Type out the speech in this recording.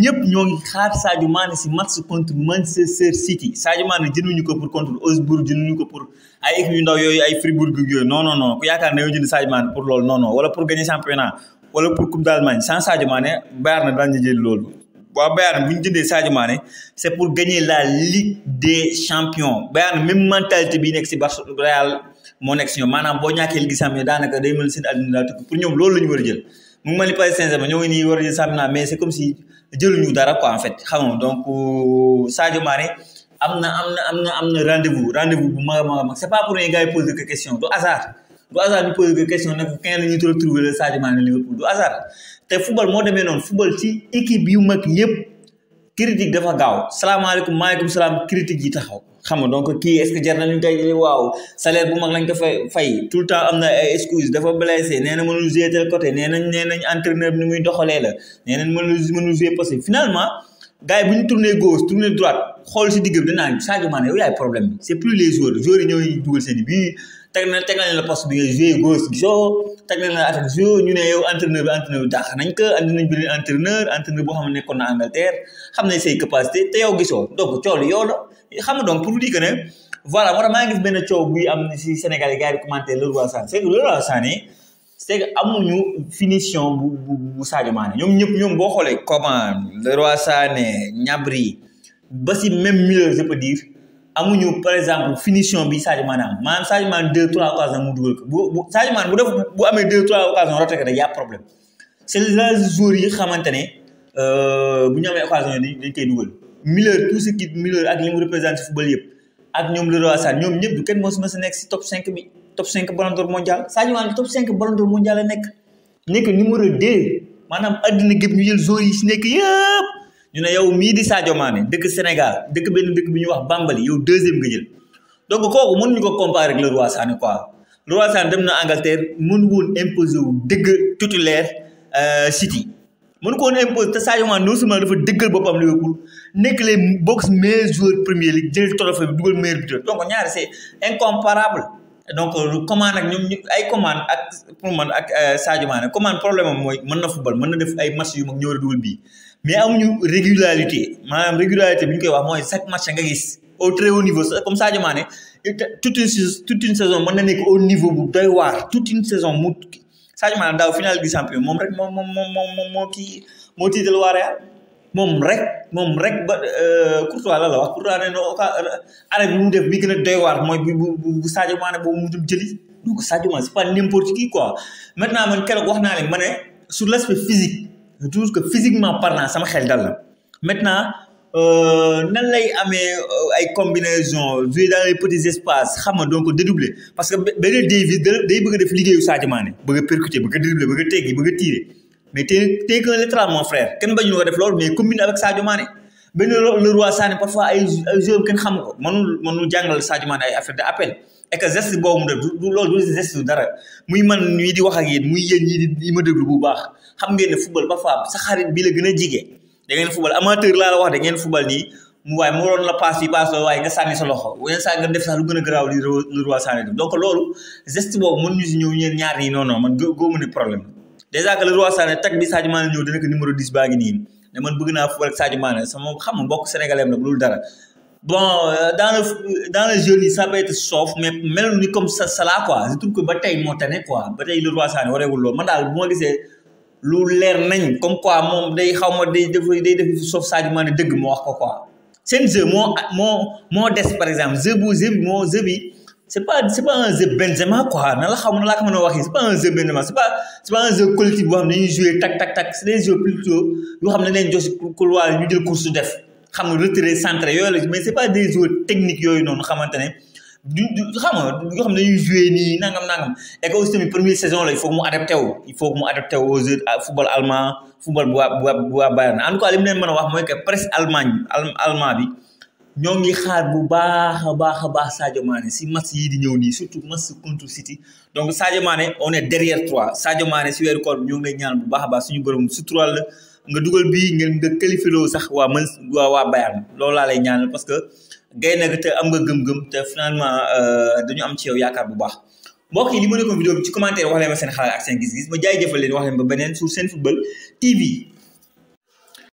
ñëpp ñoo ngi xaar Sadio match contre Manchester City Sadio Mané jënduñu ko pour contre Osbourg, jënduñu ko pour ay équipe yu ndaw Fribourg non non non ku yaakaar ne yow jënd Sadio Mané pour loolu non non wala pour gagner championnat wala pour coupe d'Allemagne sans Sadio Mané Bayern na daan jël loolu. Bayern bu ñu jëndee c'est pour gagner la Ligue des champions Bayern même mentalité bi nekk si Barcelone Real moo nekk si ñoom maanaam boo ñàkkee Ligue des champions daanaka day mel seen pour mu ngi mel ni Paris Saint-Germain ñoo ngi nii war a jël championnat si jëluñu dara quoi en fait xam nga donc euh, Sadio Mané am na am na am na am na rendez-vous rendez-vous bu mag a mag a mag c'est pas pour rien gars yi poser que question du hasard du hasard ñu poser que question ne ko kañ la ñuy trouver le Sadio Mané Liverpool du te football moo demee noonu football ci équipe yu mag yëpp critique dafa gaaw salaamaaleykum maaleykum salaam critique yi taxaw. xam nga donc kii est-ce que na ñu koy waaw salaire bu mag lañ ko fay fay tout le temps am na ay excuse dafa blessé nee na mënul jouer tel côté nee nañ nee nañ entraîneur ni muy doxalee la nee nañ mënul mënul jouer possible finalement gars yi bu ñu tourné gauche tourné droite xool si digg bi danaa Sadio Mané yow yaay problème bi plus les joueurs joueurs yi ñooy dugal seen i bii teg na teg nañ la poste teg leen la attaque jour ñu ne yow entraîneur bi entraîneur bi dàq nañ ko andi nañ beneen entraîneur entraîneur boo xam ne nekkoon na Angleterre xam nañ say capacité te yow gisoo donc coow yow la xam nga donc pour vous dire que ne voilà moo tax maa gis benn coow buy am si Sénégal yi gars yi commenté Leroy Sané c'est que Leroy Sané c'est que amuñu finition bu bu bu Sadio Mané ñoom ñëpp ñoom boo xoolee comment Leroy Sané Gnabry ba même milieu je peux dire. amuñu par exemple finition bi Sadio Mané am maanaam Sadio Mané deux trois occasions mu dugal bu Sadio bu def bu amee deux trois occasions rote ko rek y'a problème c'est la xamante ne euh, bu ñu amee occasion yi dañ koy dugal Müller tout ce yëpp ak ñoom Leroy Sane ñoom ñëpp du si nekk si top 5 bi top 5 Ballon d'Or mondial Sadio Mané top 5 Ballon d'Or nekk nekk numéro maanaam àddina gépp ñu jël yi si nekk yëpp ñu ne yow mii di Sadio Mané dëkk Sénégal dëkk benn dëkk bi ñuy wax Bambali yow deuxième nga jël donc kooku mënuñu ko comparer ak le Roi Sané quoi Roi Sané dem na Angleterre mun woon imposer wu dëgg titulaire euh, City mënu ko woon imposer te Sadio Mané non seulement dafa dëggal boppam Liverpool nekk les box meilleurs joueurs Premier League jël trophée bi dugal meilleur buteur donc ñaari c'est incomparable donc commande ak ñoom ñu ay commande ak pour man ak euh, Sadio Mané commande problème am mooy mën na football mën na def ay match yu mag ñëw la dugal bii mais amuñu régularité maanaam régularité bi ñu koy wax mooy chaque match nga gis au très haut niveau comme Sadio Mané toute une toute une saison mën na nekk au niveau bu doy waar toute une saison mu Sadio Mané daaw final du moom rek moom moom moom moo kii moo tiital waa Real Je rek moom rek ba euh, Courtois la la wax Courtois oh, def bi doy pas n'importe qui quoi maintenant man wax sur l'aspect physique je trouve que physiquement parlant sama xel dal maintenant euh, nan lay amee euh, ay combinaison dans les petits espaces donc parce que beneen day bëgg def liggéeyu percuter bëgg dribbler bëgg a tirer mais t'es t'es que littéral mon frère kenn bañu ko def loolu mais combine avec Sadio Mané benn Leroy Sané parfois ay ay joueurs kenn xamu ko mënul mënul jàngal Sadio ay appel et que boobu mu def du loolu du geste dara ak yéen muy ma déglu bu baax xam ngeen ne football parfois xarit bi la gën a jige da ngeen football amateur la wax da ngeen football nii mu sa loxo yenn saa nga def sax lu gën a garaaw li Leroy ñëw ñeen ñaar nii non non man góomu ne problème déjà que le roi Sané tag bi Sadio Mané ñëw dina ko numéro 10 baa ngi nii ne man bëgg na football ak Sadio Mané sama xam mbokk sénégalais am la bu dara. bon euh, dans le dans le jeu nii ça peut être sauf mais mel ni comme ça Salah quoi je trouve que ba tay mo tane quoi ba tay le roi Sané wareegul loolu man dal bu ma gisee lu leer nañ comme quoi mom day xawma day def day def sauf Sadio Mané dëgg moo wax ko quoi. seen jeu mo mo moo des par exemple je bouge mo bi bi c'est pas c'est pas un jeu Benzema quoi nan la xaw ma nan laa ko mën a c'est pas un jeu Benzema c'est pas c'est pas un jeu collectif boo dañuy jouer tac tac tac c'est des jeux plutôt yo xam ne dañ jox couloir ñu jël course def xam retirer centre yo mais c'est pas des jeux techniques yooyu non xamante du du xam nga yo xam ñuy jouer ni nangam nangam et aussi tamit première saison la il faut que mu adapté wu il faut que mu adapté wu aux football allemand football bu waa bu Bayern en tout cas limu mu leen wax moy que presse Allemagne allemand bi. ñoo ngi xaar bu baax a baax a baax Sadio Mané si match yii di ñëw nii surtout match contre City donc Sadio Mané on est derrière toi Sadio Mané si weeru koor bi ñoo ngi ñaan bu baax a baax suñu borom sutural la nga dugal bii ngeen nga qualifié sax waa man waa waa Bayern loolu laa lay ñaanal parce que gaynde nga te am nga gëm-gëm te finalement euh, dañu am ci yaakaar bu baax mbokk yi li ma nekkoon vidéo bi ci commentaire wax leen ma seen xalaat ak seen gis-gis ma jaay jëfal